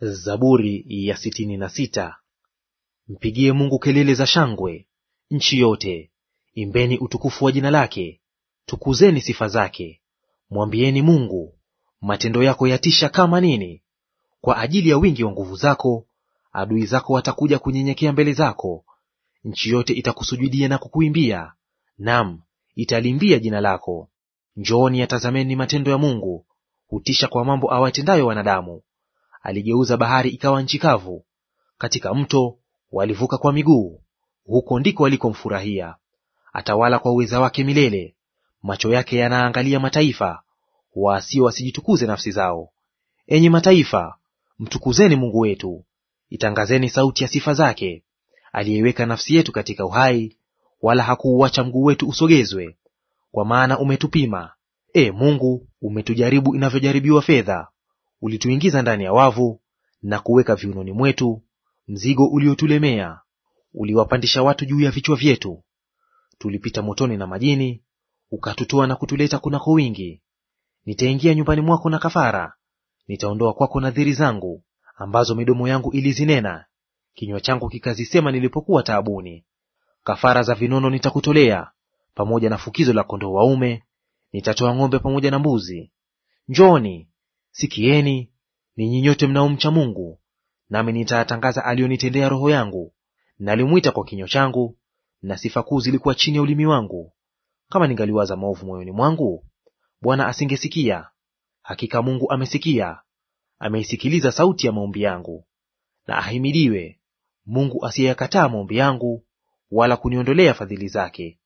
Zaburi ya sitini na sita. Mpigie Mungu kelele za shangwe, nchi yote; imbeni utukufu wa jina lake, tukuzeni sifa zake. Mwambieni Mungu, matendo yako yatisha kama nini! Kwa ajili ya wingi wa nguvu zako, adui zako watakuja kunyenyekea mbele zako. Nchi yote itakusujudia na kukuimbia, nam italimbia jina lako. Njooni, yatazameni matendo ya Mungu, hutisha kwa mambo awatendayo wanadamu aligeuza bahari ikawa nchi kavu, katika mto walivuka kwa miguu, huko ndiko walikomfurahia. Atawala kwa uweza wake milele, macho yake yanaangalia mataifa, waasio wasijitukuze nafsi zao. Enyi mataifa, mtukuzeni Mungu wetu, itangazeni sauti ya sifa zake, aliyeiweka nafsi yetu katika uhai, wala hakuuacha mguu wetu usogezwe. Kwa maana umetupima, e Mungu, umetujaribu inavyojaribiwa fedha, Ulituingiza ndani ya wavu na kuweka viunoni mwetu mzigo uliotulemea. Uliwapandisha watu juu ya vichwa vyetu. Tulipita motoni na majini, ukatutoa na kutuleta kunako wingi. Nitaingia nyumbani mwako na kafara, nitaondoa kwako nadhiri zangu ambazo midomo yangu ilizinena, kinywa changu kikazisema nilipokuwa taabuni. Kafara za vinono nitakutolea pamoja na fukizo la kondoo waume, nitatoa ng'ombe pamoja na mbuzi. Njooni Sikieni ninyi nyote mnaomcha Mungu, nami nitayatangaza aliyonitendea roho yangu. Nalimwita kwa kinywa changu, na sifa kuu zilikuwa chini ya ulimi wangu. Kama ningaliwaza maovu moyoni mwangu, Bwana asingesikia. Hakika Mungu amesikia, ameisikiliza sauti ya maombi yangu. Na ahimidiwe Mungu asiyeyakataa maombi yangu, wala kuniondolea fadhili zake.